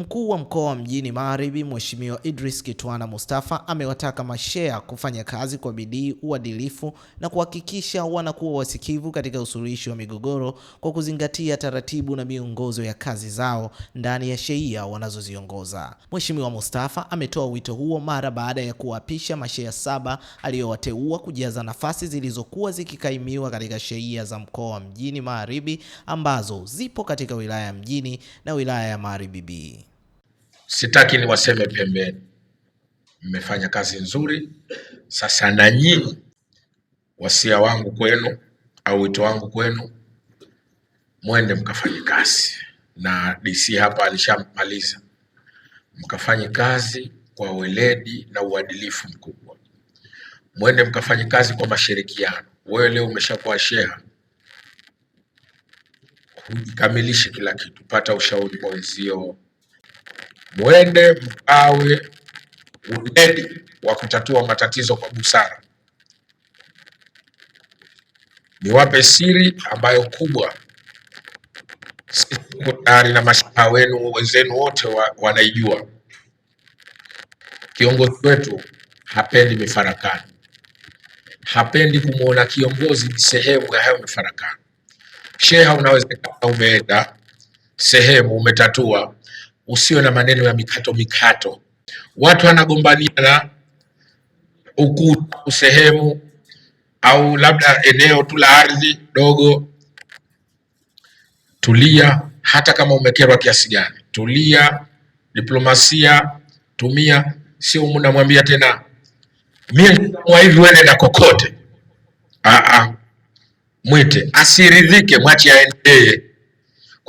Mkuu wa mkoa wa Mjini Magharibi, Mheshimiwa Idris Kitwana Mustafa amewataka masheha kufanya kazi kwa bidii, uadilifu na kuhakikisha wanakuwa wasikivu katika usuluhishi wa migogoro kwa kuzingatia taratibu na miongozo ya kazi zao ndani ya sheia wanazoziongoza. Mheshimiwa Mustafa ametoa wito huo mara baada ya kuwapisha masheha saba aliyowateua kujaza nafasi zilizokuwa zikikaimiwa katika sheia za mkoa wa Mjini Magharibi ambazo zipo katika wilaya ya Mjini na wilaya ya Magharibi B sitaki niwaseme pembeni, mmefanya kazi nzuri. Sasa na nyinyi, wasia wangu kwenu au wito wangu kwenu, mwende mkafanye kazi, na DC hapa alishamaliza, mkafanye kazi kwa weledi na uadilifu mkubwa, mwende mkafanye kazi kwa mashirikiano. Wewe leo umeshakuwa sheha, hujikamilishi kila kitu, pata ushauri kwa wenzio mwende mkawe udedi wa kutatua matatizo kwa busara. Niwape siri ambayo kubwa tayari na mashaha wenu wenzenu wote wa, wanaijua. Kiongozi wetu hapendi mifarakano, hapendi kumwona kiongozi ni sehemu ya hayo mifarakano. Sheha, unaweza umeenda sehemu umetatua usiwe na maneno ya mikato mikato. Watu wanagombania ukuta sehemu au labda eneo tu la ardhi dogo. Tulia, hata kama umekerwa kiasi gani, tulia. Diplomasia tumia, sio mnamwambia tena mimi hivi wewe na kokote. Aa, ah, ah. mwite asiridhike, mwache aendee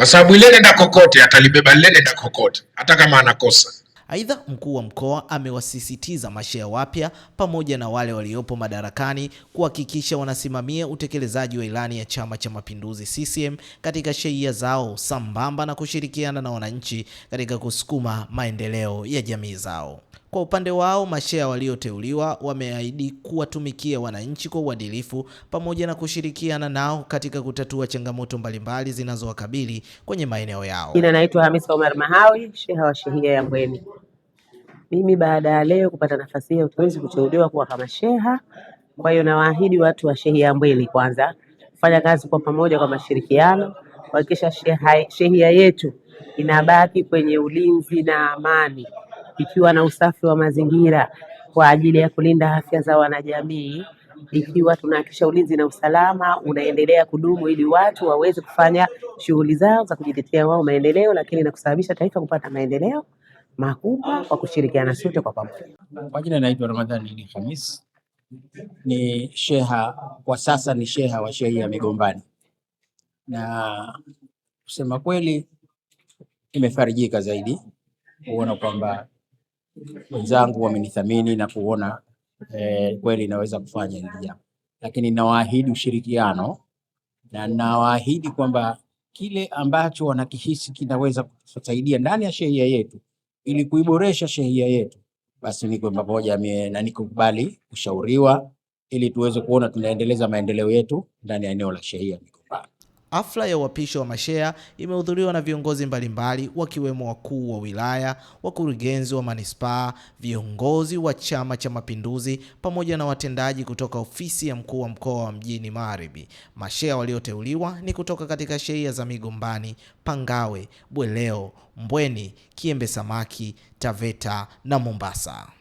kwa sababu ile nenda kokote atalibeba lile nenda kokote, hata kama anakosa. Aidha, mkuu wa mkoa amewasisitiza masheha wapya pamoja na wale waliopo madarakani kuhakikisha wanasimamia utekelezaji wa ilani ya Chama cha Mapinduzi CCM katika sheria zao sambamba na kushirikiana na wananchi katika kusukuma maendeleo ya jamii zao. Kwa upande wao, masheha walioteuliwa wameahidi kuwatumikia wananchi kwa uadilifu pamoja na kushirikiana nao katika kutatua changamoto mbalimbali zinazowakabili kwenye maeneo yao. Jina naitwa Hamisa Omar Mahawi, sheha wa shehia ya Mbweni. Mimi baada ya leo kupata nafasi ya tuwezi kuteuliwa kuwa kama sheha, kwa hiyo nawaahidi watu wa shehia ya Mbweni kwanza kufanya kazi kwa pamoja kwa mashirikiano kuhakikisha shehia yetu inabaki kwenye ulinzi na amani ikiwa na usafi wa mazingira kwa ajili ya kulinda afya za wanajamii, ikiwa tunahakikisha ulinzi na usalama unaendelea kudumu ili watu waweze kufanya shughuli zao za kujitetea wao maendeleo, lakini na kusababisha taifa kupata maendeleo makubwa kwa kushirikiana sote kwa pamoja. Kwa jina naitwa Ramadhani Idi Khamis, ni sheha kwa sasa, ni sheha wa ya Migombani, na kusema kweli imefarijika zaidi kuona kwamba wenzangu wamenithamini na kuona eh, kweli naweza kufanya hili jambo, lakini nawaahidi ushirikiano na nawaahidi kwamba kile ambacho wanakihisi kinaweza kusaidia ndani ya shehia yetu ili kuiboresha shehia yetu, basi niko pamoja na nikukubali kushauriwa ili tuweze kuona tunaendeleza maendeleo yetu ndani ya eneo la shehia. Hafla ya uapisho wa masheha imehudhuriwa na viongozi mbalimbali wakiwemo wakuu wa wilaya, wakurugenzi wa manispaa, viongozi wa Chama cha Mapinduzi pamoja na watendaji kutoka ofisi ya mkuu wa mkoa wa Mjini Magharibi. Masheha walioteuliwa ni kutoka katika sheria za Migombani, Pangawe, Bweleo, Mbweni, Kiembe Samaki, Taveta na Mombasa.